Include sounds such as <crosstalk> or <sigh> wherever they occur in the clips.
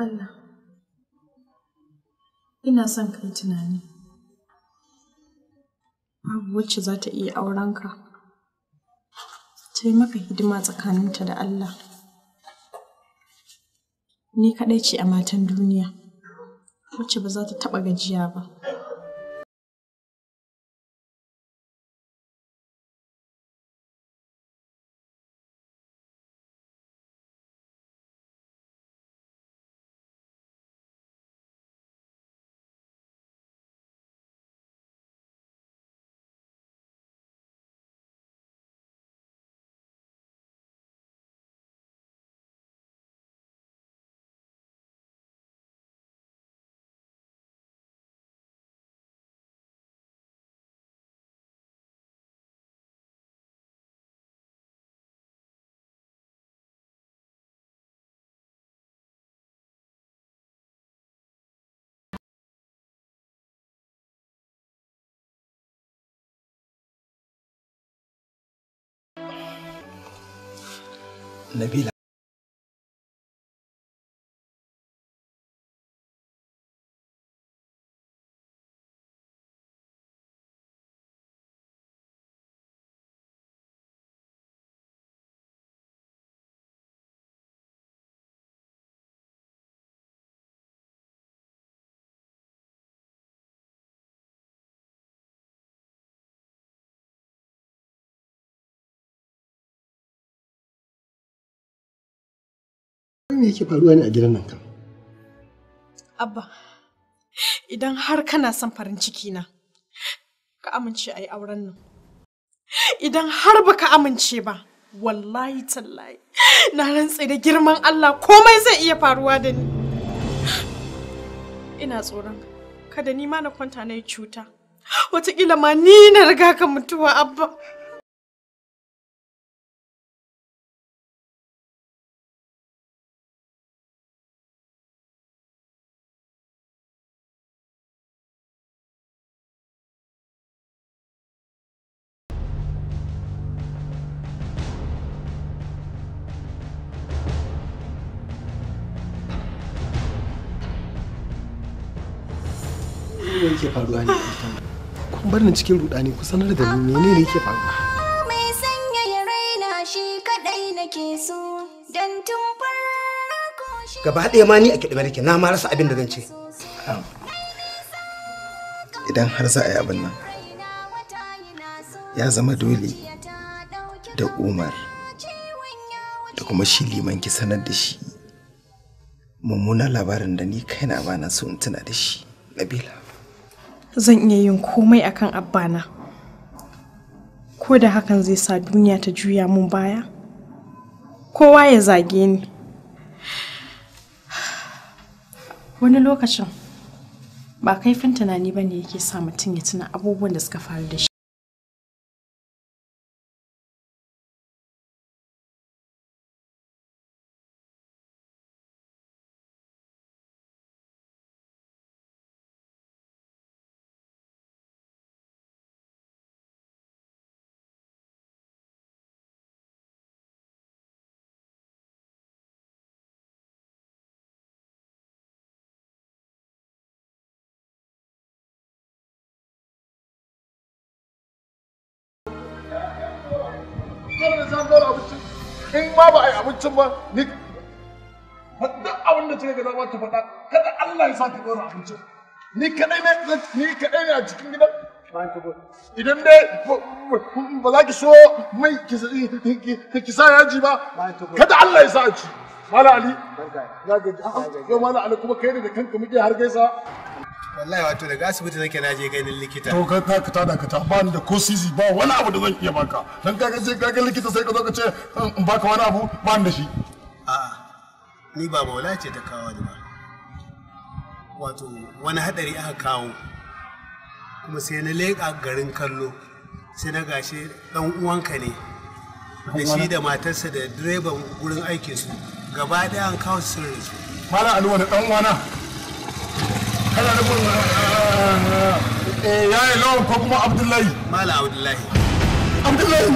Allah. Ina son ka tunani. Babu wacce za ta iya aurenka. Ta yi maka hidima tsakaninta da Allah. Ni kaɗai ce a matan duniya, wacce ba za ta taɓa gajiya ba. Ne Nebiler. me yake faruwa ne a gidan nan kan? Abba, idan har kana son farin ciki na, ka amince a yi auren nan. Idan har ba ka amince ba, wallahi tallahi, na rantse da girman Allah komai zai iya faruwa da ni. Ina tsoron kada ni ma na kwanta na yi cuta. Wataƙila ma ni na riga ka mutuwa abba. bar ni cikin rudani ku sanar da ni ne yake faruwa mai sanya ya raina shi kadai nake so dan tun farko shi gaba ɗaya ma ni a na ma rasa abin da zan ce idan har za a yi abin nan ya zama dole da umar da kuma shi liman ki sanar da shi mummunan labarin da ni kaina ba na so in tuna da shi nabila zan iya yin komai akan abbana ko da hakan zai sa duniya ta juya mun baya kowa ya zage ni wani lokacin ba kaifin tunani ba ne yake sa mutum ya tuna abubuwan da suka faru da shi da zan abincin in ma ba a yi abincin ba ni duk abin da ga zama ta faɗa kada Allah ya sa ta abincin ni kadai ne ni kadai ne a cikin gidan idan dai ba za ki so mai ki sa yaji ba kada Allah ya sa a ci Mala Ali, yau Mala Ali kuma kai ne da kanka muke har gaisa. wallahi wato daga asibiti nake na je ganin likita to ka ta da ka ta ba ni da ko sisi ba wani abu da zan iya baka dan ga sai ga likita sai ka zo ka ce in baka wani abu ba ni da shi a'a ni ba maula ce ta kawo ni ba wato wani hadari aka kawo kuma sai na leƙa garin kallo sai na gashe dan uwanka ne da shi da matarsa da direban gurin aikinsu gaba ɗaya an kawo sirrinsu mala alwa da dan uwana kana da kun eh lawan ko kuma abdullahi mala abdullahi abdullahi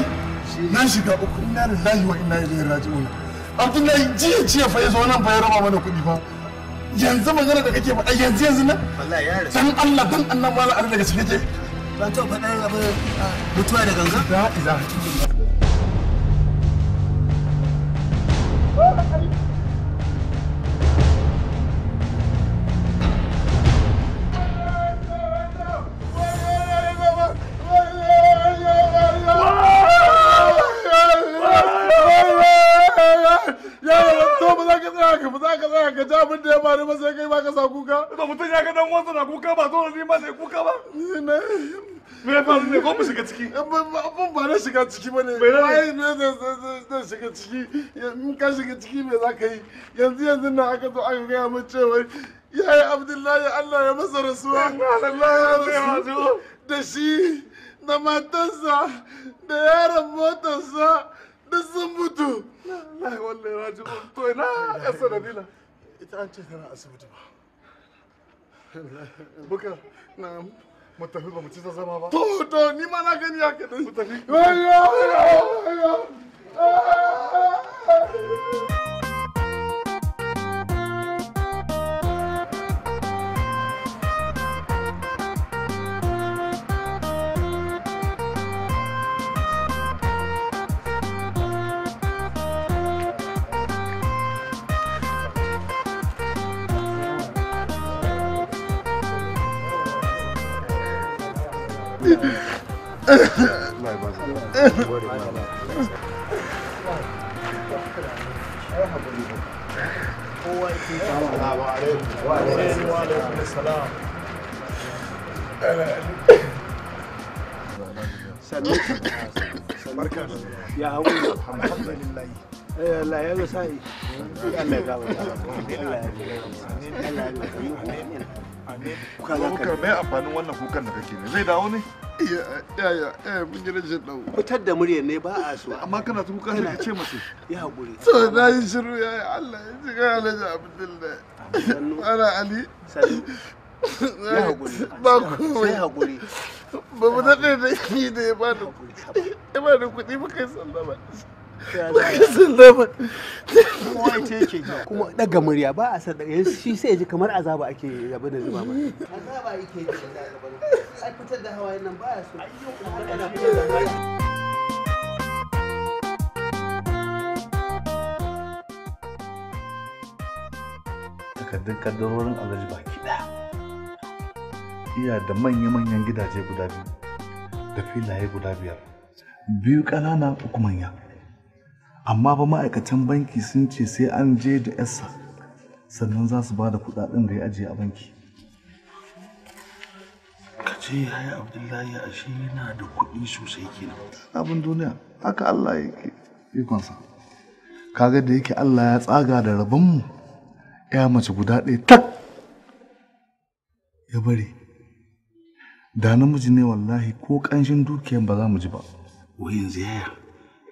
na shiga uku inna lillahi wa inna ilaihi raji'un abdullahi jiya jiya fa yazo nan fa ya raba mana kuɗi fa yanzu magana da kake faɗa yanzu yanzu nan wallahi ya dan Allah dan Allah mala daga cikin ke ban to faɗa ah, mutuwa da ganga ba ni ba sai kai ba ka sa kuka da mutum ya ga dan wansa na kuka ba dole ni ma sai kuka ba ne me ya faru ne ko mu shiga ciki abun ba na shiga ciki ba ne ai ne ne shiga ciki in ka shiga ciki me za ka yi yanzu yanzu na aka zo aka gaya mu cewa yayi abdullahi allah ya masa rasuwa allah ya da shi da matansa da yaron motarsa duk sun mutu wallahi wallahi raji'un to ina ya da ita an ce tana asibiti ba buka na mu tafi ba mu ci zama ba to to ni ma na gani haka din mu tafi ah! الله يبارك السلام عليكم وعليكم السلام بركة يا هوي الحمد لله لا يا ساي الله يقوي الله يقوي kuka za ka mai amfanin wannan kukan da kake ne zai dawo ne ya ya ya eh, mun yi rashin dawo fitar da muryar ne ba a so amma kana ta kuka sai ce mace ya hakuri so na yi shiru ya ya Allah ya ji kana da abdul ana ali ya hakuri ba komai hakuri ba mu daɗe da yi da ya ba da kuɗi ba kai sallama kuma daga murya ba a sadar shi sai ji kamar azaba ake yabi da zuba ba. azaba yake ji ai fitar da hawaye nan ba so ayyukan fitar da hawaye takardun kaddarorin alhaji baki daya iya da manya-manyan gidaje guda biyu da filaye guda biyar biyu ƙanana uku manya amma ba ma'aikatan banki sun ce sai an je da yasa sannan za su ba da kudaden da ya ajiye a banki ka ce haya abdullahi a shi yana da kuɗi sosai kenan abin duniya haka allah yake ikonsa kaga da yake allah ya tsaga da rabonmu ya mace guda ɗaya tak ya bari da namiji ne wallahi ko ƙanshin dukiyan ba za mu ji ba wai yanzu yaya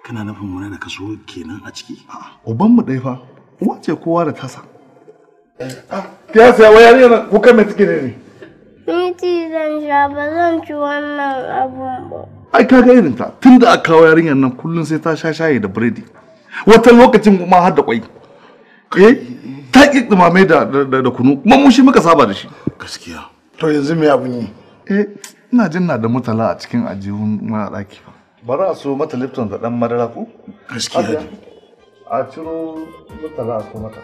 kana nufin muna da kaso kenan a ciki uban mu ɗaya fa uwa ce kowa da tasa ta sai waya ne ko kuka mai tike ne ni ci zan sha ba zan ci wannan abun ba ai kaga irin ta tunda aka kawo yarinyar nan kullun sai ta sha shayi da biredi wata lokacin kuma har da kwai eh ta ki dumame da da kunu kuma mu shi muka saba da shi gaskiya to yanzu me abun yi eh ina jin na da mutala a cikin ajihun mara daki fa bari a so mata lipton da dan madara ko gaskiya a ciro mata za a so mata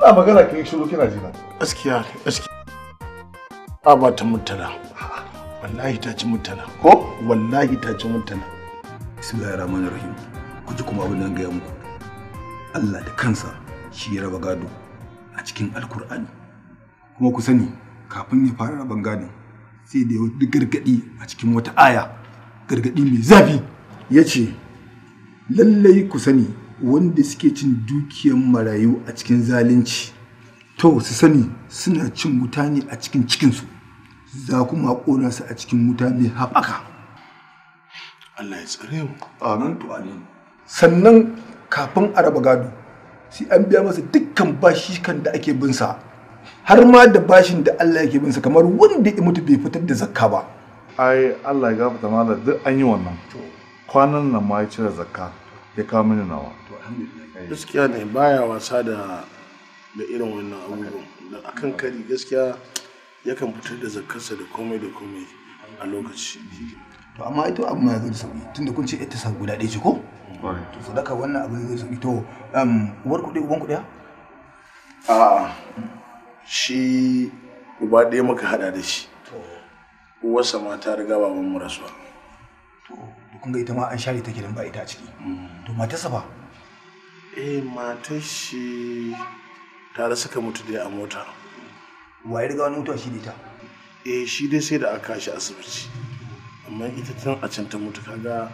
ina magana ki shiru kina jina gaskiya gaskiya a ba ta mutana wallahi ta ci mutana ko wallahi ta ci mutana bismillahir rahmanir rahim ku ji kuma abin da ga muku Allah da kansa shi ya raba gado a cikin alkur'ani kuma ku sani kafin ya fara raban gado sai da ya gargadi a cikin wata aya gargaɗi mai zafi ya ce lallai ku sani wanda suke cin dukiyar marayu a cikin zalunci to su sani suna cin wuta ne a cikin cikinsu za kuma ƙona su a cikin wuta mai haɓaka Allah ya tsare mu amin to amin sannan kafin a raba gado sai an biya masa dukkan bashi kan da ake bin sa har ma da bashin da Allah yake bin sa kamar wanda ya mutu bai fitar da zakka ba ai Allah ya gafarta mala duk an yi wannan kwanan nan ma ya cire zakka ya kawo mini nawa eh. gaskiya ne baya wasa da da irin wannan abubuwan da akan kari gaskiya yakan fitar da zakkarsa da komai da komai a lokaci to amma ito abu mai zai sauki tunda kun ce ita sabu guda ɗaya ce ko to sadaka wannan abu zai sauki to um, uwar kuɗi uban kuɗi a shi uba ɗaya muka hada da shi uwarsa ma ta riga baban mu rasuwa to kun ga ita ma an share ta gidan ba ita a ciki to sa ba eh matar shi tare suka mutu dai a mota wa ya riga wani mutuwa shi da ita eh shi dai sai da aka shi asibiti amma ita tun a can ta mutu kaga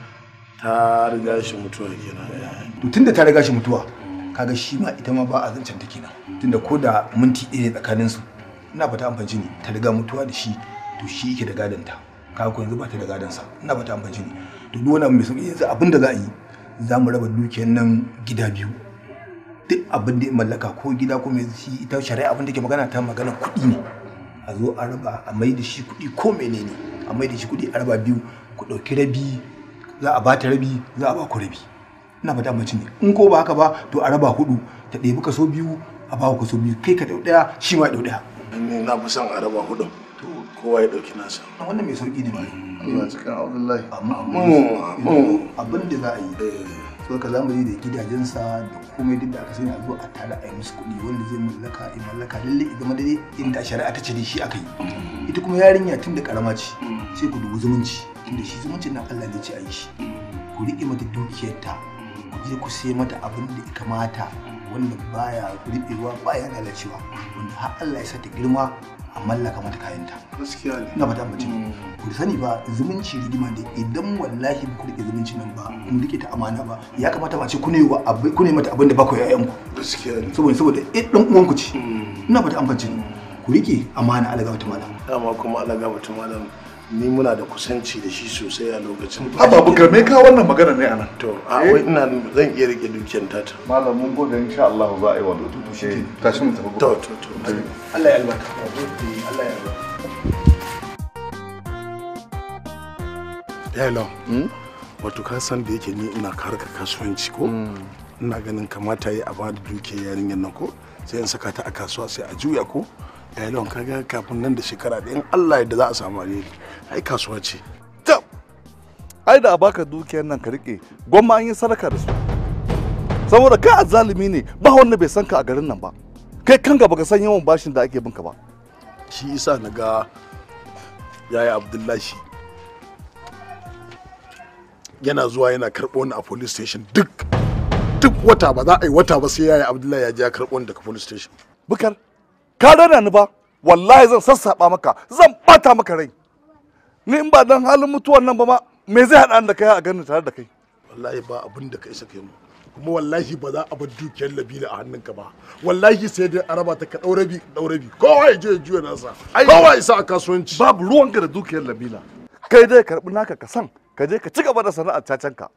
ta riga shi mutuwa kenan to tunda ta riga shi mutuwa kaga shi ma ita ma ba a zancen ta kenan tunda ko da minti ɗaya tsakaninsu ina fata amfanci ne ta riga mutuwa da shi to shi yake da gadon ta k'a ko yanzu ba ta da gadon sa ina ba ta amfanci ne to duk wani mai yanzu abin da za a yi za mu raba dukiyar nan gida biyu duk abin da mallaka ko gida ko mai shi ita shari'a abin da ke magana ta magana kuɗi ne a zo a raba a mai da shi kuɗi ko menene a mai da shi kuɗi a raba biyu ku ɗauki rabi za a ba ta rabi za a ba ku rabi ina fata mace ne in ko ba haka ba to a raba hudu ta ɗebi kaso biyu a ba ku kaso biyu kai ka ɗau ɗaya shi ma ɗau ɗaya. na fi son a raba hudun. kowa ya ɗauki nasa wannan mai sauƙi ne Allah cikin Abdullahi amma mm, mm. abin da za a yi eh. so ka zamu yi da gidajensa da komai duk da aka sani a zo a tare a yi musu kuɗi wanda zai mallaka ya mallaka lalle idan ma dai inda shari'a ta ce da shi aka yi mm. ita kuma yarinya tun da karama ce sai ku dubi zumunci tunda shi zumuncin na Allah ne ce a yi shi ku riƙe mata dukiyarta ku je ku sai mata abin da ya kamata wanda baya riɓewa baya lalacewa wanda har Allah ya sa ta girma a mallaka mata kayanta gaskiya ne ina fata mutum mm. ku sani ba zumunci rigima ne idan wallahi ku rike zumunci nan ba mm. ku rike ta amana ba ya kamata ba ce ku ne wa ku ne mata abin da ba ku yayan ku gaskiya ne saboda saboda eh dan uwan ku ce mm. ina fata an fance ku rike amana alaga mutum malam dama kuma alaga mutum malam ni muna da kusanci da shi sosai a lokacin ba babu ka me ka wannan magana ne anan to a wai ina zan iya rike dukiyar tata malam mun gode insha Allah za a yi wannan to shi tashi mu tafi to to to Allah ya albarka Allah ya albarka Hello. Hmm? Wato ka san da yake ni ina karka kasuwanci ko? Hmm. Ina ganin kamata yi a ba da dukiyar yarinyar nan ko? Sai in saka ta a kasuwa sai a juya ko? yalon eh, kaga kafin nan da shekara da in Allah yadda za a samu alheri ai kasuwa ce tab ai da a baka dukiyar nan ka rike gwamma an yi sadaka da su saboda kai azalimi ne ba wanda bai san ka a garin nan ba kai kanka baka san yawan bashin da ake binka ba shi isa na ga yaya abdullahi yana zuwa yana karɓo ni a police station duk duk wata ba za a yi wata ba sai yaya abdullahi ya je ya karɓo ni daga police station bukar ka rana ni ba wallahi zan sassaɓa maka zan ɓata maka rai ni in ba dan halin mutuwan nan ba ma me zai haɗa da kai a ganin tare da kai wallahi ba abin da kai sake mu kuma wallahi ba za a bar dukiyar labila a hannun ka ba wallahi sai dai araba ta ka bi daurabi bi kowa ya je ya juya nasa kowa ya sa a kasuwanci babu ruwan ka da dukiyar labila kai dai karbi naka ka san ka je ka ci gaba da sana'ar cacanka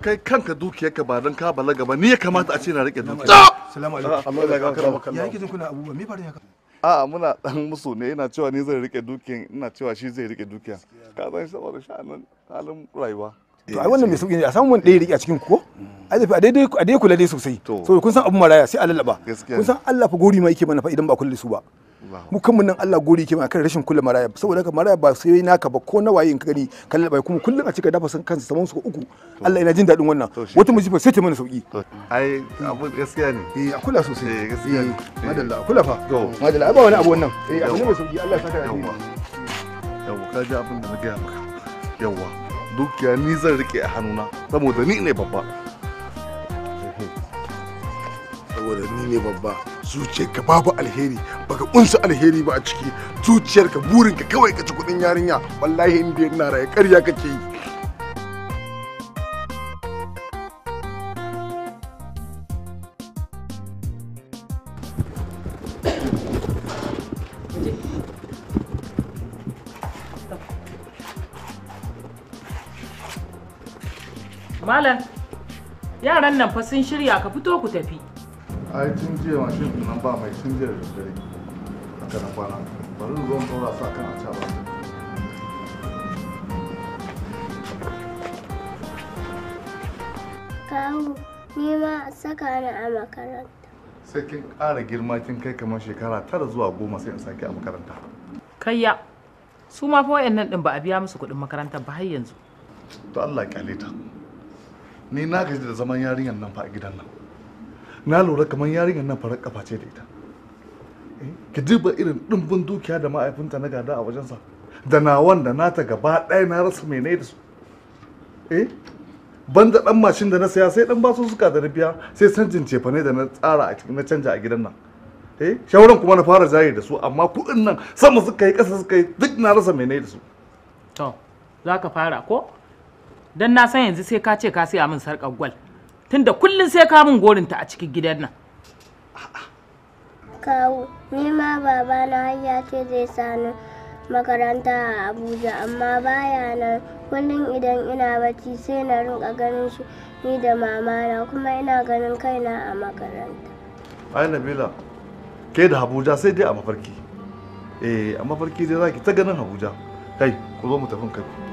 kai kanka dukiyarka ba don ka balaga ba ni ya kamata a ce na rike dukiya salamu ah, alaikum ya yake jin kuna abubuwa me faru haka a muna dan musu ne ina cewa ni zai rike dukiyar ina cewa shi zai rike dukiya ka san saboda sha'anin halin rayuwa to ai wannan mai sauki ne a samu wani ɗaya rike a cikin ko mm. ai a daidai a daidai kula dai sosai so kun san abun maraya sai a lallaba kun san Allah fa gori ma yake mana fa idan ba kula da su ba mu kanmu nan Allah gori ke akan rashin kula maraya saboda haka maraya ba sai naka ba ko na waye in ka gani kallon bai kuma kullum a cika dafa san kansa saman su uku Allah ina jin daɗin wannan wata musifa sai ta mana sauki ai abu gaskiya ne eh a kula sosai eh gaskiya ne eh, madalla kula fa madalla ai ba wani abu wannan eh abu ne mai sauki Allah ya saka yawa yawa ka ji abin da na gaya maka yawa dukiya ni zan rike a hannuna saboda ni ne babba saboda ne babba zuciyarka babu alheri baka unsa alheri ba a ciki zuciyarka burinka kawai ka ci kudin yarinya wallahi inda ina raye ƙarya kake yi Malam, yaran nan fa sun shirya ka fito ku tafi. ai tun jiya ma shirkin nan ba mai tun jiya da dare a kanan kwana bari ruwan ɗora sa kan a ca ba kawo ni ma a saka ni a makaranta sai kin ƙara girma kin kai kamar shekara tara zuwa goma sai in sake a makaranta kayya su ma fa wayannan din ba a biya musu kuɗin makarantar ba har yanzu to Allah ya kyale ta ni na gaji da zaman yarinyan nan fa a gidan nan na lura kamar yarinyar nan farar kafa ce da ita eh, ki duba irin ɗimbin dukiya da ma'aifinta na gada a wajensa da nawan da nata gaba ɗaya na rasa mene da su eh banda ɗan mashin da na saya sai ɗan basu suka da biya sai canjin cefane da na tsara na canja a gidan nan eh shawaran kuma na fara jaye da su amma kuɗin nan sama suka yi ƙasa suka yi duk na rasa mene da su to za ka fara ko dan na san yanzu sai ka ce ka siya min sarƙar gwal tunda kullum sai ka gorinta a cikin gidan nan kawo ni ma baba na hanya ce zai sani makaranta a abuja amma baya nan kullum idan ina bacci sai na rinka ganin shi ni da mama na kuma ina ganin kaina a makaranta ai nabila ke da abuja sai dai a mafarki eh a mafarki dai zaki ta ganin abuja kai ku zo mu tafi kai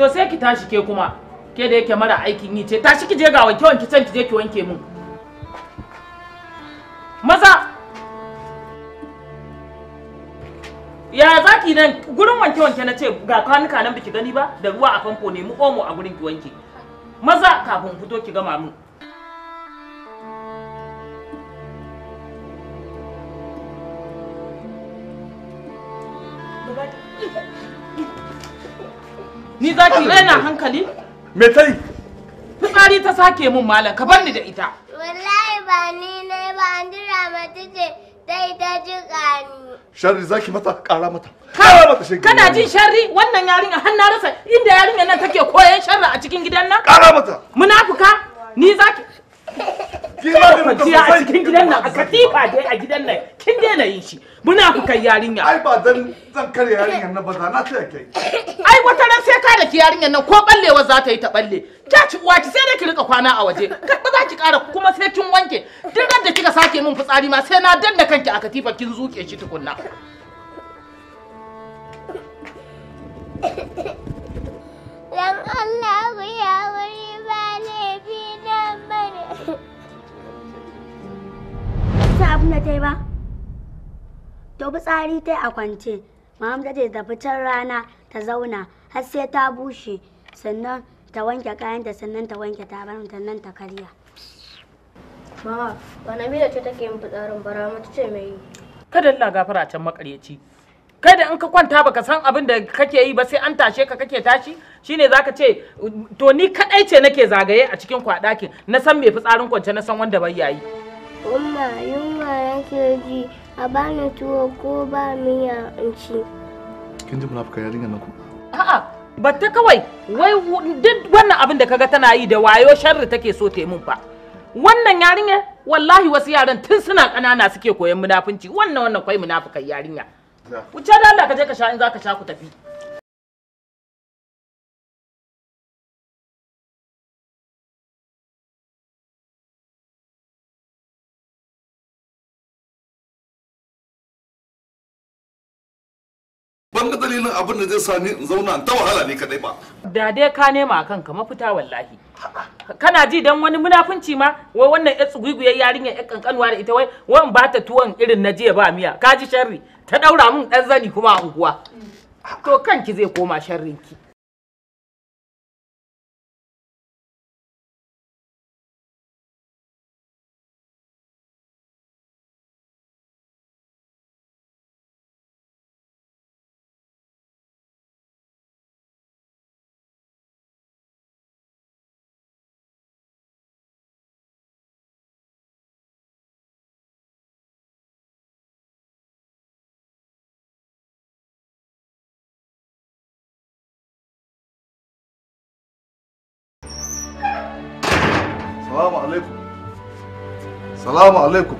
to sai ki tashi ke kuma ke da yake mara aikin yi ce tashi ki je ga wanke wanke can ki je ki wanke mun maza ya za ki nan gurin wanke wanke na ce ga kwanuka nan biki gani ba da ruwa a famfo nemi omo a gurin ki wanke maza kafin fito ki gama mun zaki raina hankali? Me ta yi? Fitsari ta sake mun malam, ka bar ni da ita. Wallahi ba ni ne ba, an jira mata ce sai ta ji ni. Sharri zaki mata ƙara mata. Kara mata shi. Kana jin sharri wannan yarinya har na rasa inda yarinya nan take koyan sharri a cikin gidan nan? Ƙara mata. Munafuka? Ni zaki Kima kwanciya a cikin gidan nan a katifa dai a gidan nan kin daina yin shi muna fukan yarinya ai ba dan zan karya yarinyar na ba za na ta yake ai wata ran sai ka daki yarinya yarinyar nan ko ballewa za ta yi ta balle ta ci uwa ki sai da ki rika kwana a waje kai ba za ki kara kuma sai kin wanke duk ran da kika sake min fitsari ma sai na danna kanki a katifa kin zuke shi tukunna Dan Allah ku ya wuri ba laifi na bane. Ta abin da ta yi ba? To fitsari ta a kwance, Muhammadu da fitar rana ta zauna har sai ta bushe sannan ta wanke kayanta sannan ta wanke tabarin sannan ta karya mama ba nabila ce take yin fitsarin bara mata ce mai yi kada Allah gafara can makaryaci kai da in ka kwanta baka san abin da kake yi ba sai an tashe ka kake tashi shine zaka ce to ni kadai ce nake zagaye a cikin kwadakin na san me fitsarin kwance na san wanda bai yayi umma yunwa yake ji a bani tuwo ko ba miya in ci kin ji munafuka yarinyar nan ko a'a ta kawai wai duk wannan abin da kaga tana yi da wayo sharri take so ta mun fa wannan yarinya wallahi wasu yaran tun suna ƙanana suke koyon munafunci wannan wannan kwai munafukan yarinya wuce da Allah ka je ka sha in ka sha ku tafi dalilin abin da zai sa ni in zauna ta wahala ne kadai ba da dai ka nema kanka mafita wallahi kana ji dan wani munafunci ma wai wannan yar tsuguguyar yarinyar yar kankanuwa da ita wai wan ba ta tuwon irin na jiya ba miya ka ji sharri ta daura min dan zani kuma a unguwa to kanki zai koma sharrinki ki السلام عليكم السلام عليكم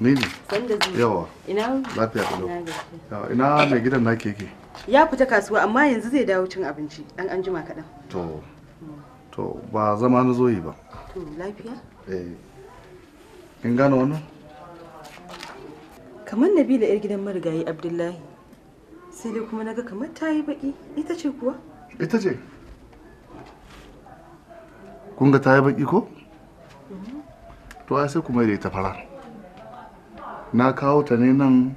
Ni ne. Yawa. Lafiya Ina mai gidan na Ya fita kasuwa amma yanzu zai dawo cin abinci ɗan an kaɗan. To. To ba zama na zo yi ba. To lafiya? Eh. Kamar Nabila 'yar gidan marigayi Abdullahi. sai dai kuma naga kamar ta yi baki ita ce kuwa ita ce kun ga ta yi baki ko to ai sai kuma da ita fara na kawo ta ne nan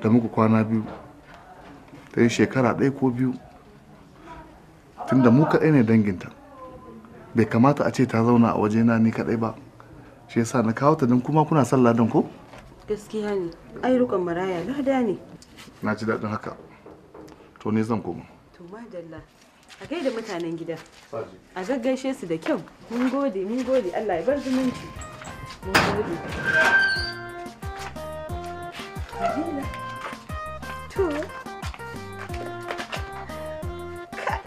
da muku kwana biyu ta yi shekara ɗaya ko biyu tunda mu kaɗai ne danginta bai kamata a ce ta zauna a waje na ni kaɗai ba shi yasa na kawo ta don kuma kuna sallah don ko gaskiya ne ai rukan maraya lada ne na ji daɗin haka to ne zan koma to madalla a kai da mutanen gida a gaggaishe su da kyau mun gode mun gode Allah ya bar zumunci mun gode to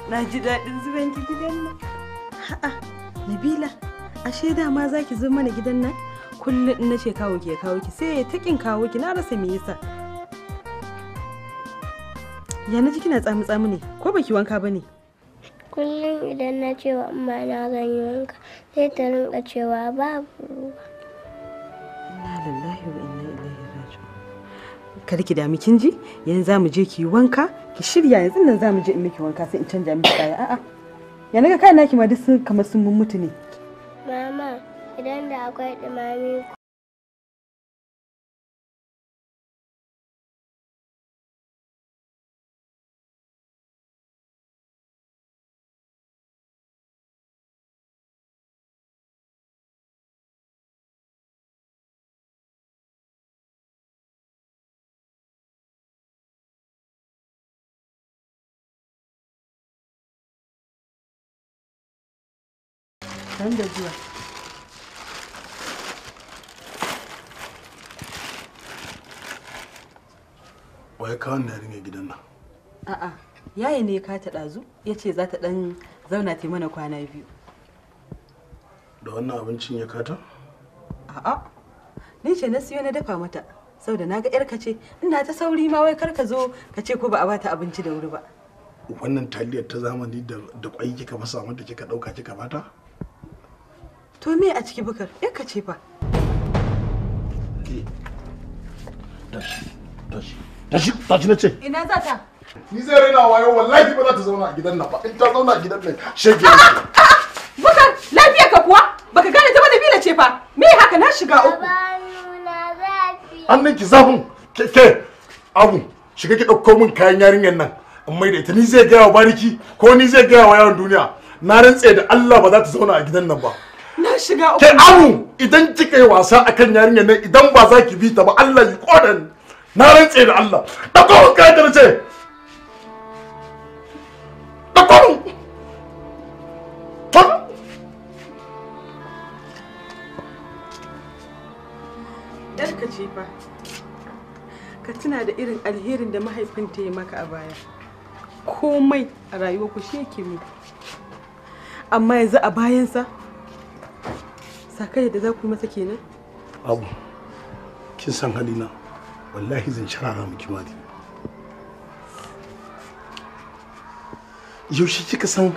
na ji daɗin zuwanki gidan nan ha'a nabila ashe dama za ki zo mana gidan nan kullum na ce kawo ki ya kawo ki sai ya taƙin kawo ki na rasa me yasa ya na kina tsami tsami ne ko baki wanka ba ne kullum idan na cewa amma na zan yi wanka sai ta rinka cewa babu ruwa inna lillahi wa inna ilaihi raji'un kada ki dami kin ji yanzu za mu je ki wanka ki shirya yanzu nan za mu je in miki wanka sai in canja miki kaya a'a ya naga kayan naki ma duk sun kamar sun mummutu ne mama idan da akwai dumami dan da zuwa wai ka wannan yarinya gidan nan a'a yaya ne ka ta ɗazu ya ce za ta ɗan zauna ta mana kwana biyu da wannan abincin ya kata a'a ni ce na siyo na dafa mata saboda na ga yarka ce ina ta sauri ma wai kar ka zo ka ce ko ba a bata abinci da wuri ba wannan taliyar ta zamani da kwai kika masa mata kika dauka kika bata To me a ciki bakar Ya ka ce fa. Tashi, tashi, tashi, tashi na ce. Ina za ta? Ni zai raina wayo wallahi ba za ta zauna a gidan nan ba. In ta zauna a gidan nan shege. Bukar, lafiya ka kuwa? Baka gane ta ba ce fa. Me haka na shiga uku. An ninki zafin ke ke abu shiga ki ɗauko min kayan yarinyar nan. In mai da ita ni zai gaya wa bariki ko ni zai gaya wa yawon duniya. Na rantse da Allah ba za ta zauna a gidan nan ba. shiga uku. Kai amu idan kika yi wasa akan yarinyar nan idan ba za ki bi ta ba Allah yi kodan. Na rantse da Allah. Da kowa kai da ce. Da kowa. Yarka ce fa. Ka tuna da irin alherin da mahaifinta ya maka a baya. Komai a rayuwarku shi yake muku. Amma yanzu a bayansa sakai da za ku masa kenan abu kin san halina wallahi zan sharara miki mali yaushe kika san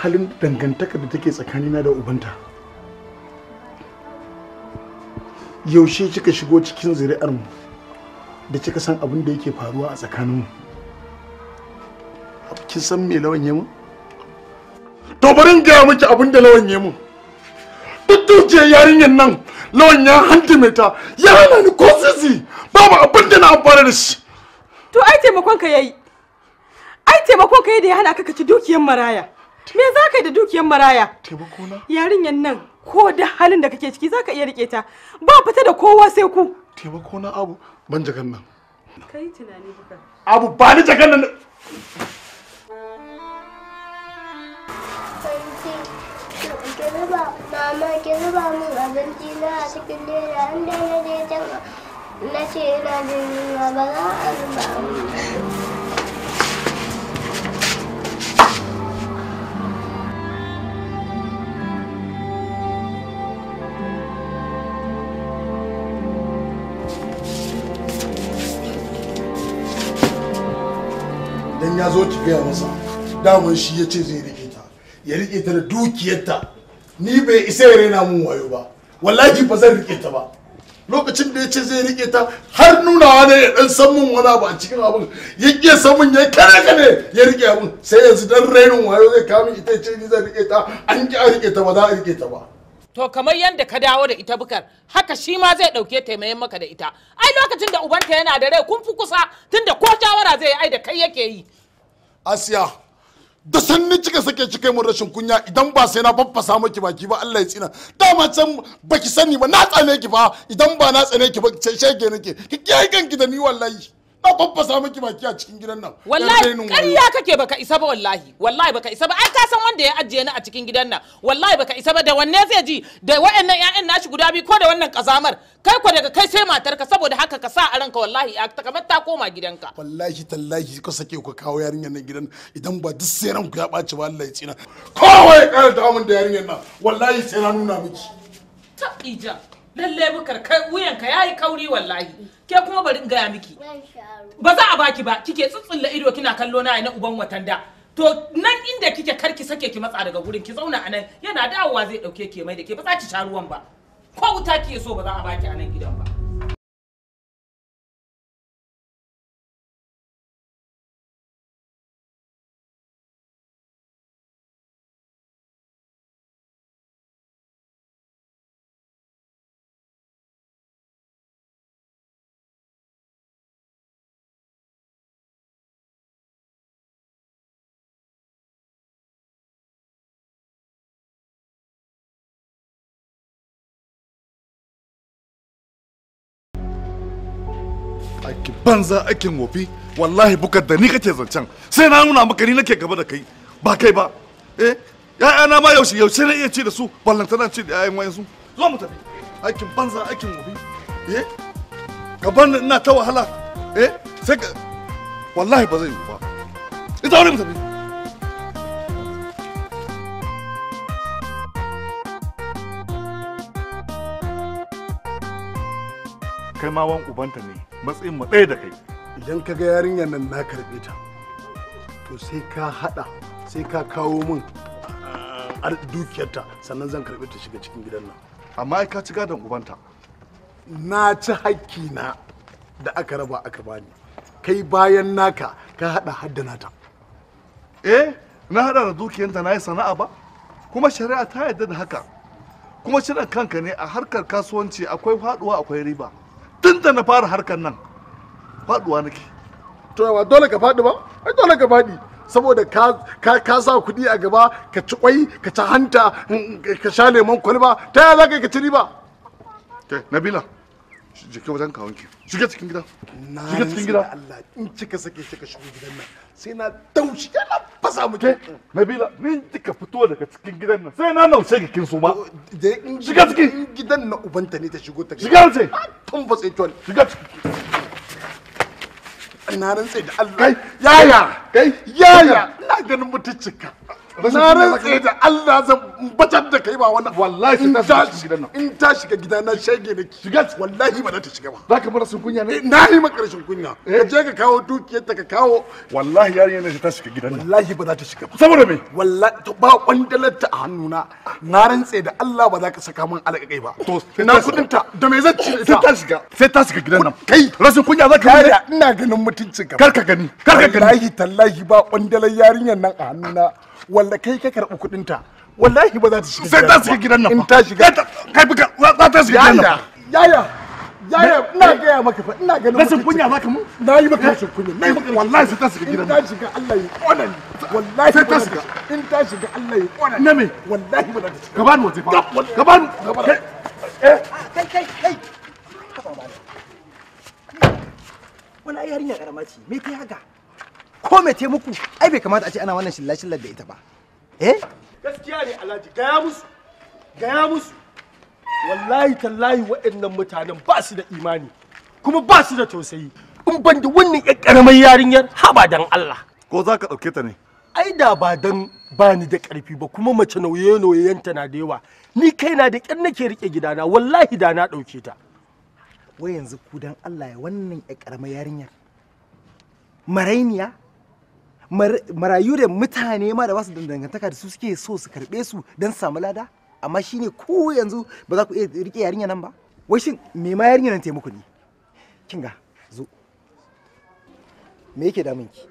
halin dangantaka da take tsakanina da ubanta yaushe kika shigo cikin zuri'armu da kika san abin da yake faruwa a tsakaninmu kin san me lawan yemu to bari in gaya miki abin da lawan yemu dattijo yarinyar nan lawan ya handime ta ya hana ni ko sisi babu abin da na amfana da shi to ai taimakon ka yayi ai taimakon ka yayi da ya hana ka kaci dukiyar maraya me za ka yi da dukiyar maraya taimakona na yarinyar nan ko da halin da kake ciki za ka iya rike ta ba fita da kowa sai ku taimakona abu ban jagan nan kai tunani buka abu ba ni jagan nan ki mama ki zuba min abinci na a cikin leda an da na ce a Dan ya zo ki gaya masa daman shi ya ce zai rike ta ya rike ta da dukiyarta ni bai isa ya rena mun wayo ba wallahi ba zan rike ta ba lokacin da ya ce zai rike ta har nunawa ne ya dan san mun wani abu a cikin abin ya ke san mun ya kare kare ya rike abin sai yanzu dan rainin wayo zai kawo min ita ce ni zan rike ta an ki a rike ta ba za a rike ta ba to kamar yadda ka dawo da ita bukar haka shi ma zai dauke taimayin maka da ita ai lokacin da ubanta yana da rai kun fi kusa tunda ko jawara zai yi ai da kai yake yi asiya da sanni kika sake kika mun rashin kunya idan ba sai na faffasa miki baki ba Allah ya tsina dama can baki sani ba na tsane ki ba idan ba na tsane ki ba shege nake ki kanki da ni wallahi a faffasa miki baki a cikin gidan nan wallahi ƙarya kake baka isa ba wallahi wallahi baka isa ba ai ka san wanda ya ajiye ni a cikin gidan nan wallahi baka isa ba da wanne zai ji da wayannan ƴaƴan nashi guda biyu ko da wannan kazamar kai ko daga kai sai matarka saboda haka ka sa a ranka wallahi a kamar ta koma gidanka wallahi tallahi ka sake ku kawo yarinyar nan gidan idan ba duk sai ranku ya ɓaci ba Allah ya tsina kawai ƙara da da yarinyar nan wallahi sai na nuna miki ta ija lalle bukar kai wuyanka yayi kauri wallahi ke kuma bari in gaya miki ba za a baki ba kike tsitsinla ido kina kallo na na uban watan da to nan inda kike karki sake ki matsa daga gurin ki zauna anan yana dawowa zai dauke ke mai da ke ba za ki sha ruwan ba ko wuta ki so ba za a baki anan gidan ba banza aikin wofi wallahi bukar da ni kake zancen sai na nuna maka ni nake gaba da kai ba kai ba eh ya'yana ma yaushe yaushe na iya ci da su na ci da wayan wayansu zo mu tafi aikin banza aikin wofi eh ka bar ina ta wahala eh sai wallahi ba zai yi ba ita wani mu tafi kai ma wan ubanta ne matsayin mu ɗaya da kai idan ka ga yarinyar nan na karɓe ta to sai ka haɗa sai ka kawo min dukiyarta sannan zan karɓe ta shiga cikin gidan nan amma ai ka ci gadon ubanta na ci hakkina da aka raba aka bani kai bayan naka ka haɗa haddana ta eh na haɗa da dukiyarta na yi sana'a ba kuma shari'a ta yarda da haka kuma shirin kanka ne a harkar kasuwanci akwai faɗuwa akwai riba tun da na fara harkar nan faduwa nake to ba dole ka fadi ba ai dole ka fadi saboda ka ka sa kudi a gaba ka ci kwai ka ci hanta mm, mm, ka sha lemon kwalba ta yaya za ka ci riba kai nabila jike wajen kawon ki shiga cikin gida shiga cikin gida Allah in cika sake kika shigo gidan nan sai na taushi yana fasa muke nabila ni kika fito daga cikin gidan nan sai na naushe kikin su ma shiga ciki gidan na ubanta ne ta shigo ta shiga sai tun ba sai ton shiga ciki na rantsa da Allah Kai, yaya kai yaya ina ganin mutuncinka na rantse da Allah zan batar da kai ba wannan wallahi sai ta shiga gidan nan in ta shiga gidan nan shege ne shiga wallahi ba za ta shiga ba zaka bar sun kunya ne eh, na yi maka rashin kunya eh? ka je ka kawo dukiyar ta ka kawo wallahi yarinya ne ta shiga gidan nan wallahi ba za ta shiga ba saboda me wallahi ba kwandalar ta a hannuna na rantse da Allah ba za ka saka min alaƙaƙai ba to na kudin ta da me zan ci sai ta shiga sai ta shiga gidan nan kai rashin kunya zaka yi ina ganin mutuncin ka kar ka gani kar ka gani wallahi tallahi ba kwandalar yarinyar nan a hannuna wanda kai ka karɓi kuɗin ta wallahi ba za ta shiga sai ta shiga gidan nan in ta shiga kai buga za ta shiga gidan nan yaya yaya ina ga ya maka fa ina ganin rashin kunya zaka mu na yi maka eh, rashin kunya na yi eh, maka wallahi sai ta shiga gidan nan ta shiga Allah ya kona ni wallahi sai ta shiga in ta shiga Allah ya kona ni na me wallahi ba za ta shiga gaban waje fa gaban gaban eh kai kai kai wani yarinya karama ce me kai haka ko me te muku ai bai kamata a ce ana wannan shilla shillar da ita ba eh gaskiya ne alhaji gaya musu gaya musu wallahi tallahi waɗannan mutanen ba su da imani kuma ba su da tausayi in ban da wannan ƴar karamar yarinyar haba dan Allah ko za ka ɗauke ta ne ai da ba dan ba ni da ƙarfi ba kuma mace nauye nauyenta na da yawa ni kaina da ƙyar nake rike gidana wallahi da na ɗauke ta wai yanzu ku dan Allah ya wannan yar karamar yarinyar marainiya marayu da mutane ma da wasu dangantaka da su suke so su karbe su don samu lada amma shine ku yanzu ba za ku iya rike yarinya nan ba wai shin me ma yarinya nan taimako ne kinga zo me yake damun ki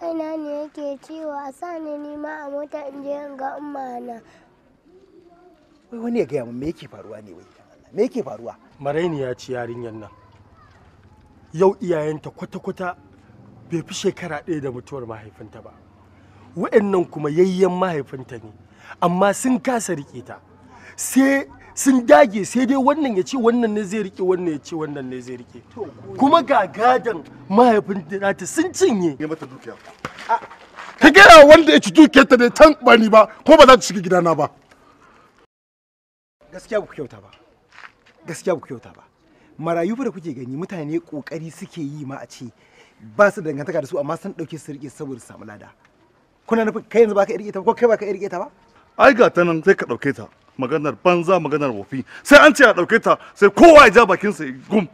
kaina ne yake ciwo a sani ni ma a mota in je in ga umma na wai wani ya gaya min me yake faruwa ne wai me yake faruwa maraini ya ci yarinyar nan yau iyayenta kwata-kwata bai fi shekara ɗaya da mutuwar mahaifinta ba wa'annan kuma yayyen mahaifinta ne amma sun kasa rike ta sai sun dage sai dai wannan ya ce wannan ne zai rike wannan ya ce wannan ne zai rike kuma ga gadan mahaifinta ta sun cinye ka gaya wanda ya ci dukiyarta ne can ba ni ba ko ba za ta shiga gidana ba gaskiya ba ku kyauta ba gaskiya ku kyauta ba marayu da kuke gani mutane kokari suke yi ma a ce ba su dangantaka da su amma sun dauke su rike saboda samu lada kuna nufin kai yanzu baka rike ta ko kai baka rike ta ba ai ga ta nan sai ka dauke ta maganar banza maganar wofi sai an ce a dauke ta sai kowa ya ja bakin sa gum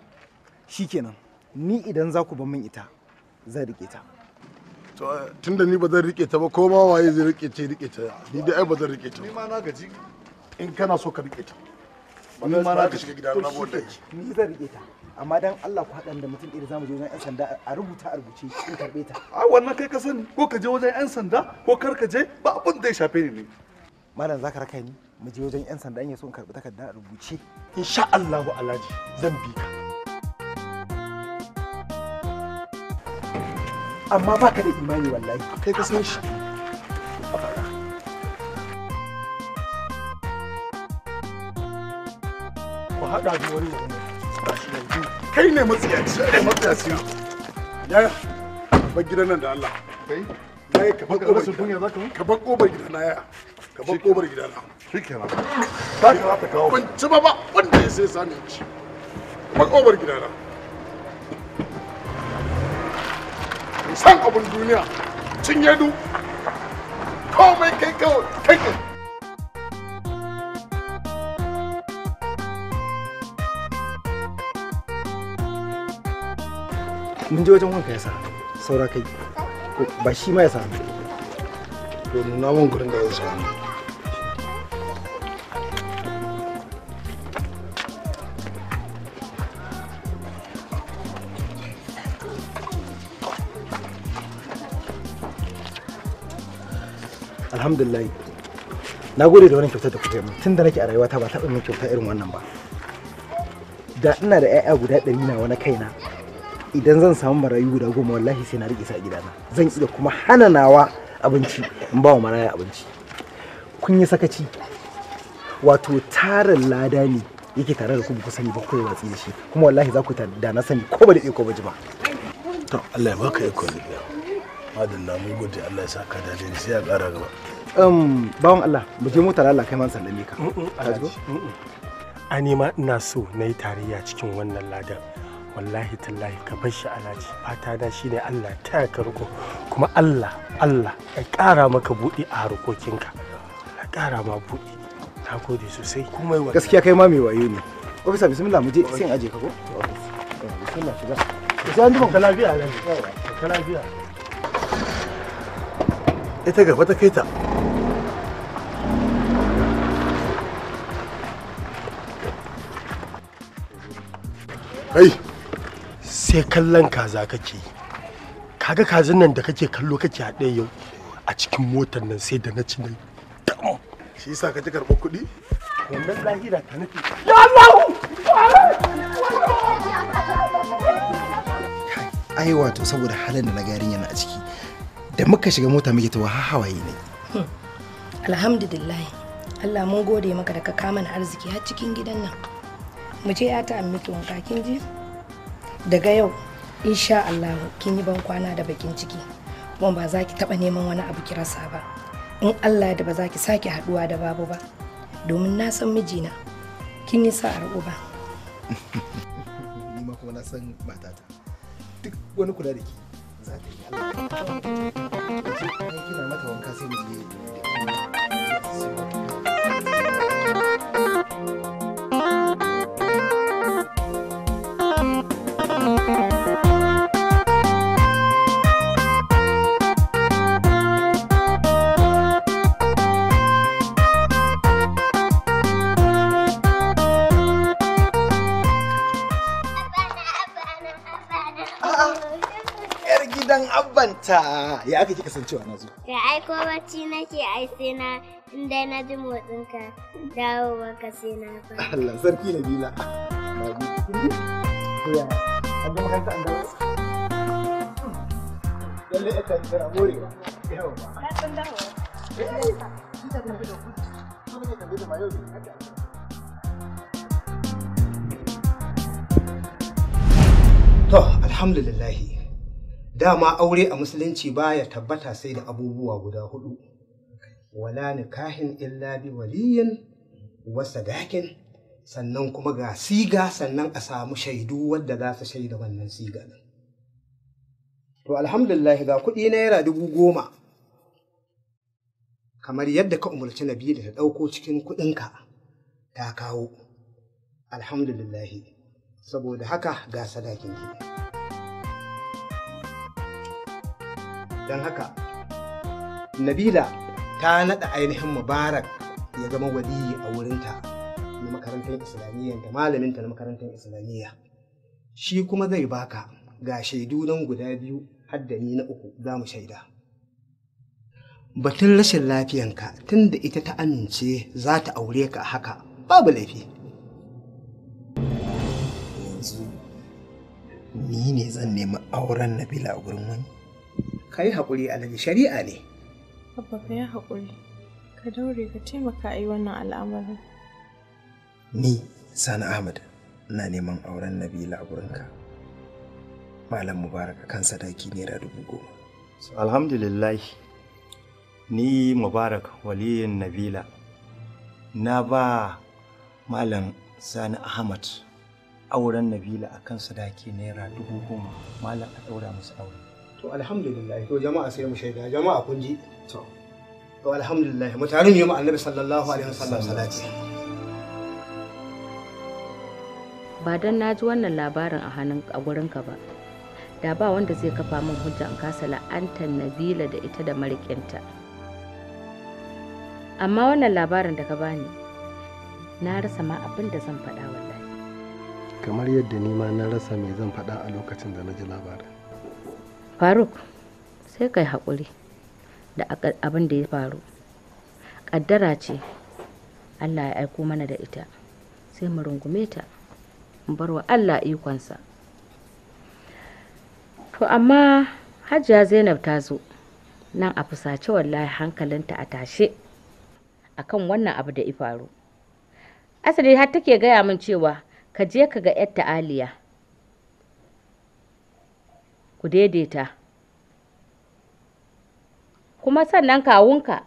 shikenan ni idan za ku ban min ita zan rike ta to tunda ni ba zan rike ta ba ko ma waye zai rike ta rike ta ni dai ai ba zan rike ta ni ma na gaji in kana so ka rike ta ni ma na gaji gida na bodai ni zan rike ta amma dan Allah ku haɗa da mutum ɗaya zamu je wajen 'yan sanda a rubuta a rubuce in karɓe ta a wannan kai ka sani ko ka je wajen 'yan sanda ko kar ka je ba abin da ya shafe ni ne malam zaka raka ni mu je wajen 'yan sanda in ya so in karɓi takardar a rubuce insha Allahu alhaji zan bi ka amma ba ka da imani wallahi kai ka san shi ku haɗa da wani ne kai ne matsiyaci kai matsiyaci ya bar gidan nan da Allah kai kai ka bar kobar gidan zaka ka bar kobar gidan na ya ka bar kobar gidan na shikenan ta ka ta kawo ban ci ba ba wanda ya sai sani ci bar kobar gidan na san abun duniya cinye du komai kai kawai kai kai mun je wajen wanka ya sa saura kai ba shi ma ya samu to nuna mun gurin da zan samu alhamdulillah na gode da wannan kyautar da kuke min tunda nake a rayuwata ba taɓa min kyauta irin wannan ba da ina da 'ya'ya guda ɗari na wani kaina idan zan samu marayu guda goma wallahi sai na rike sa gidana zan iya kuma hana nawa abinci in ba wa maraya abinci kun yi sakaci wato tarin lada ne yake tare da ku ku sani ba ku yi watsi da shi kuma wallahi za ku da na sani ko ba da iko ba ji ba to Allah ya baka iko ne madalla mun gode Allah ya saka da dai sai ya kara gaba um bawon Allah mu je mota Allah kai man sallame ka a ma ina so na yi tarayya cikin wannan ladan wallahi tallahi ka bar shi alaji fata da ne Allah ta ka riko kuma Allah Allah ya ƙara maka buɗi a harkokinka ya ƙara ma buɗi na gode sosai kuma gaskiya kai ma mai wayo ne ofisa bismillah mu je sai aje ka ko bismillah shiga sai an duba ka lafiya ka lafiya ita gaba ta kai ta kai sai kallon kaza kake yi kaga kazin nan da kake kallo kake haɗe yau a cikin motar nan sai da na ci nan shi yasa ka ji karɓar kuɗi wannan lahira ta nufi ya Allah ai wato saboda halin da na ga yarinya a ciki da muka shiga mota muke tawa hawaye ne hmm. alhamdulillah Allah mun gode maka da ka kama na arziki har cikin gidan nan mu je ya ta ammi wanka kin ji daga yau insha Allah kin yi ban kwana da bakin ciki kuma ba za ki taba neman wani abu ki rasa ba in Allah da ba za ki sake haduwa da babu ba domin na san mijina kin yi sa'ar uba <laughs> ni ma kuma na san matata duk wani kula da ki za ta yi Allah kina mata wanka sai mu je da ki sa'a ya aka ki kasancewa na zo ya ai ko bacci nake ai sai na in dai na ji motsin ka dawo ka sai na fa Allah sarki na bila ya bi eh, ne To, alhamdulillah dama aure a musulunci baya tabbata sai da abubuwa guda hudu wala nikahin illa bi waliyin wa sadakin sannan kuma ga siga sannan a samu shaidu wadda za su shaida wannan siga to alhamdulillah ga kuɗi naira dubu goma kamar yadda ka umarci na nabi da ta ɗauko cikin kuɗinka ta kawo Alhamdulillah saboda haka ga sadakin ki. don haka nabila ta naɗa ainihin mubarak ya zama waliyi a wurinta na makarantar islamiyya da malaminta na makarantar islamiyya shi kuma zai baka ga shaidu don guda biyu haddani na uku za mu shaida batun rashin lafiyanka da ita ta amince za ta aure ka haka babu laifi yanzu ni ne zan nemi auren nabila a gurin wani ka yi haƙuri nan shari'a ne abba ka yi haƙuri ka daure ka taimaka a yi wannan al'amarin ni sani ahmad na neman auren nabila a wurinka malam mubarak kan sadaki naira dubu goma alhamdulillah ni mubarak waliyin nabila na ba malam sani ahmad auren nabila a kan sadaki naira dubu goma malam a ɗaura masu aure to alhamdulillah to jama'a sai mu shaida jama'a kun ji to to alhamdulillah mu tare mu yi annabi sallallahu alaihi wasallam salati ba dan na ji wannan labarin a hannun a ka ba da ba wanda zai kafa min hujja in kasa la'antar nabila da ita da marikinta amma wannan labarin da ka bani na rasa ma abin da zan faɗa wallahi kamar yadda ni ma na rasa me zan faɗa a lokacin da na ji labarin faruk sai kai haƙuri da abin da ya faru ƙaddara ce allah ya aiko mana da ita sai mu rungume ta mu bar wa allah ikonsa to amma hajiya zainab ta zo nan a fusace wallahi hankalinta a tashe akan wannan abu da ya faru asali har take gaya min cewa ka je ka ga 'yarta aliya ku daidaita kuma sannan kawunka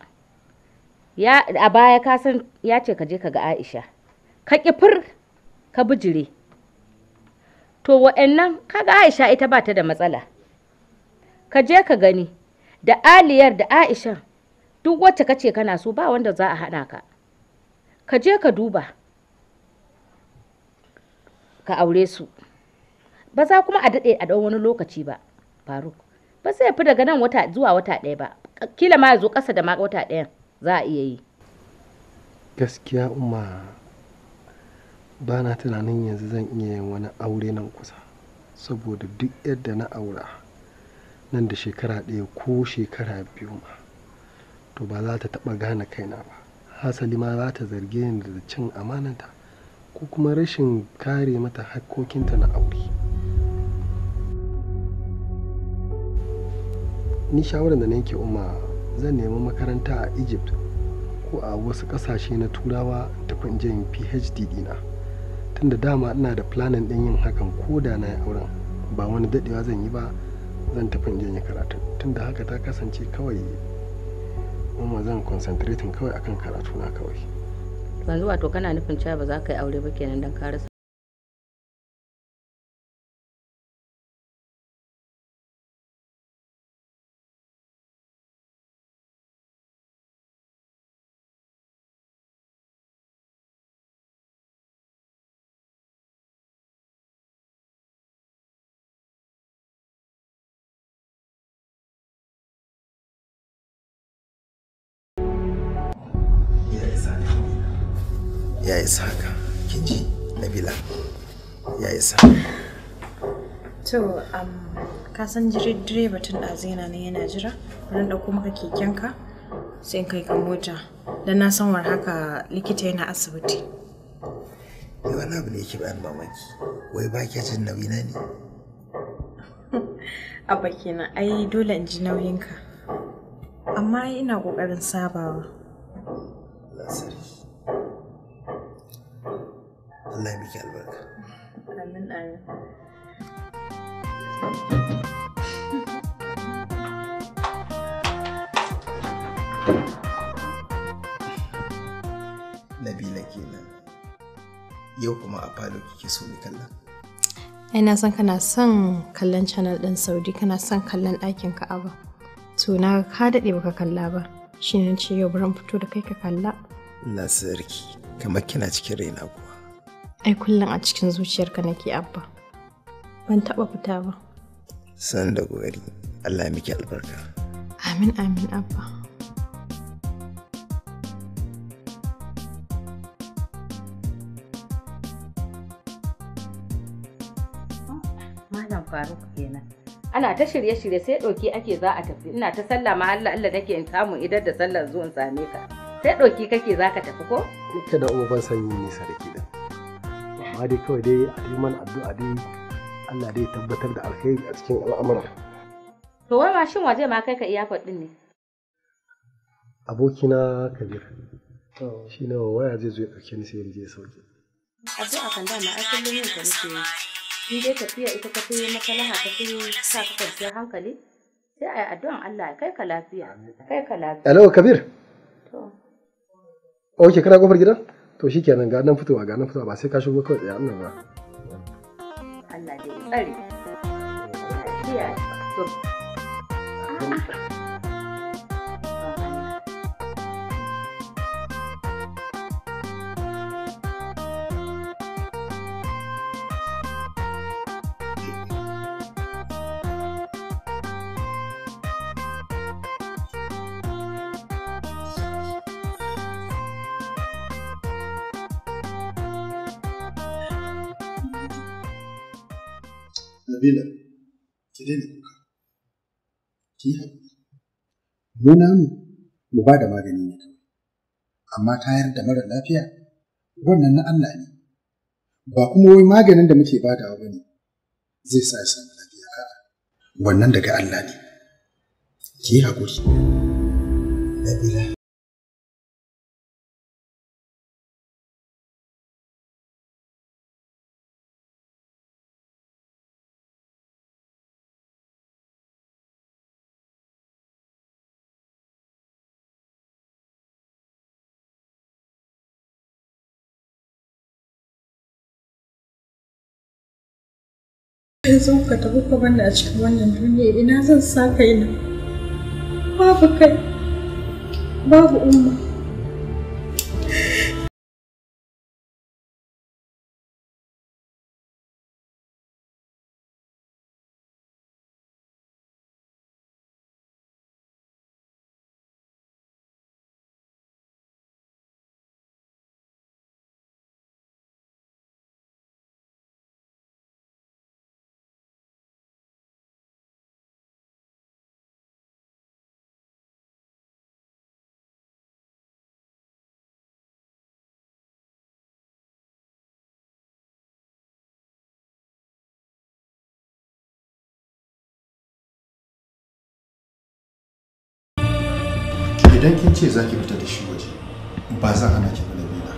ya a baya ka san ya ce ka je ka ga Aisha ka kifir ka bijire to wa'annan kaga Aisha ita ba ta da matsala ka je ka gani da aliyar da Aisha duk wacce ka ce kana so ba wanda za a hana ka ka je ka duba ka aure su ba za kuma a daɗe a ɗan wani lokaci ba faruk ba sai fi daga nan wata zuwa wata ɗaya ba kila ma zo ƙasa da ma wata ɗaya za a iya yi gaskiya umma ba na tunanin yanzu zan iya yin wani aure nan kusa saboda duk yadda na aura nan da shekara ɗaya ko shekara biyu ma to ba za ta taɓa gane kaina ba hasali ma za ta zarge ni da cin amananta ko kuma rashin kare mata hakkokinta na aure. ni shawarar da na yanke umma zan nemi makaranta a egypt ko a wasu kasashe na turawa tukun yin phd dina tunda dama ina da planin ɗin yin hakan ko da na yi auren ba wani dadewa zan yi ba zan tafi in yi karatu tunda haka ta kasance kawai umma zan concentrating kawai akan karatu na kawai yanzu wato kana nufin cewa ba za ka yi aure ba kenan don ka ya isa haka kin ji nabila ya isa to um, ka san direba tun azina ne yana jira ran dauko maka kekenka sai kai ka mota dan na san war haka likita yana asibiti ni wani abu ne yake bayan mamaki wai ba ke jin nauyi na ne <laughs> a bakina ai dole in ji nauyinka amma ina kokarin sabawa lasari Allah ya miki albarka amin amin Nabila kenan yau kuma a falo kike so ni kallon ai na san kana son kallon channel din saudi kana son kallon ɗakin Aba, to na ka daɗe baka kalla ba shi ne ce yau bari fito da kai ka kalla na sarki kamar kina cikin raina kuwa. Ai kullum a cikin zuciyarka nake abba. Ban taɓa fita ba. San da gori, Allah miki albarka. Amin amin abba. Ana ta shirye-shirye sai ɗauki ake za a tafi. Ina ta sallah ma Allah Allah nake in samu idan da sallar zo in same ka. sai ɗauki kake za ka tafi ko? Ita da ban sanyi nisa da ke da. Amma dai kawai dai a liman mana addu'a dai Allah dai tabbatar da alkhairi a cikin al'amuran. To wai mashin waje ma kai ka iya ɗin ne. Abokina Kabir. Shi na waya zai zo ya ɗauke ni sai in je sauke. Addu'a kan dama ai kullum yin ka nake yi. In dai tafiya ita ka fi masalaha ka fi sa ka kwanciyar hankali. Sai a yi addu'an Allah ya kai ka lafiya. Kai ka lafiya. Alo Kabir. To. ok kana kofar gidan to kenan ga nan fitowa ga nan fitowa ba sai ka shigo kawai tsaya nan ba Allah dai tsare daina kuka ki yi haƙuri mu namu mu ba da magani ne kawai amma tayar da mara lafiya wannan na Allah ne ba kuma wai maganin da muke badawa ba ne zai sa ya samu lafiya a'a wannan daga Allah ne ki yi haƙuri zai zo ka tafi ka banda a cikin wannan duniya ina zan sa kai na babu kai babu umma idan kin ce za ki fita da shi waje ba zan ana ki balabina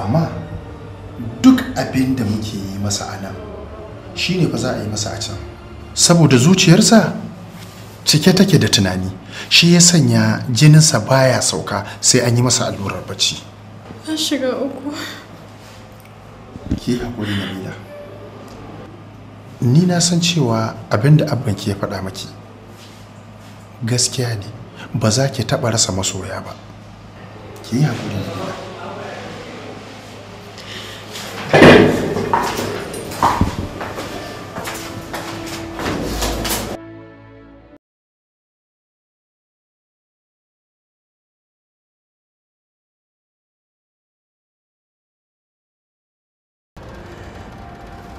amma duk abin da muke yi masa a nan shi ne za a yi masa a can saboda zuciyarsa cike take da tunani shi ya sanya jininsa baya sauka sai an yi masa allurar bacci na shiga uku ki haƙuri namila ni na san cewa abin da abban ke faɗa maki gaskiya ne ba za ki taɓa rasa masoya ba ki yi haƙuri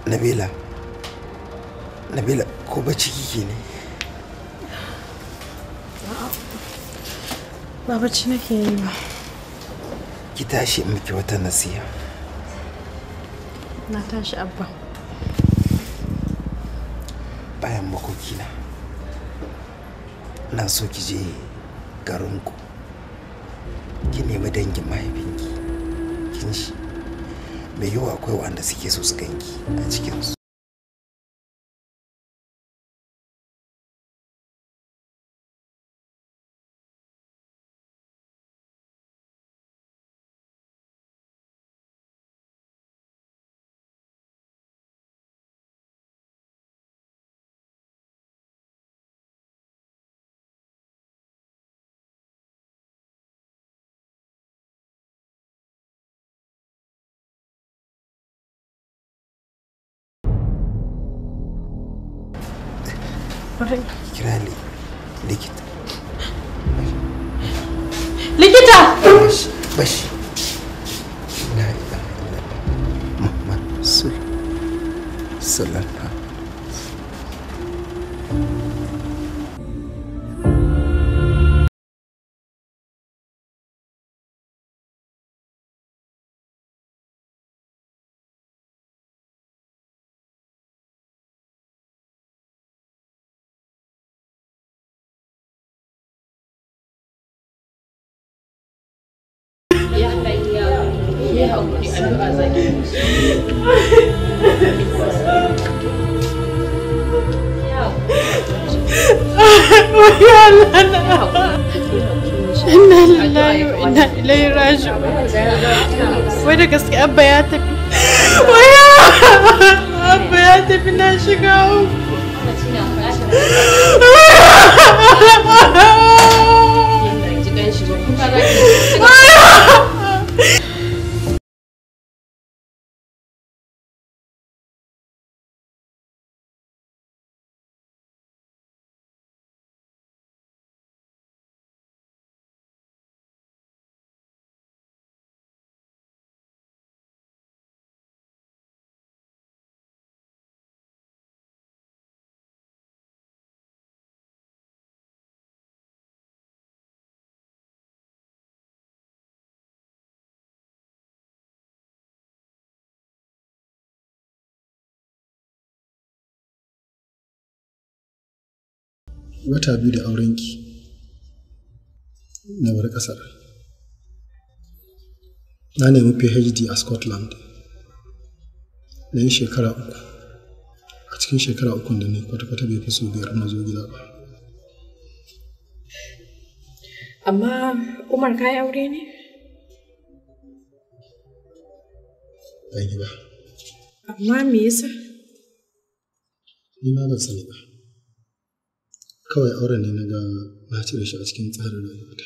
Nabila, Nabila ko bacci kike ne? babaci ci nake yi ba. Ki tashi in miki wata nasiha. Na tashi abba. Bayan makokina. Na so ki je garinku. Ki nemi dangin mahaifinki. Kin shi. Mai yiwu akwai wanda suke so su ganki a cikinsu. Kira likita. Likita! Bashi, bashi. Na ila ila. Muhammad Sul. Sallallahu wata biyu da aurenki na wani ƙasar na nemi phd a scotland na yi shekara uku a cikin shekara ukun da ne kwata-kwata bai fi so biyar na zo gida ba amma umar ka yi aure ne ba yi ba amma me yasa ni ma ban sani ba kawai auren ne na ga na cire shi a cikin tsarin rayuwata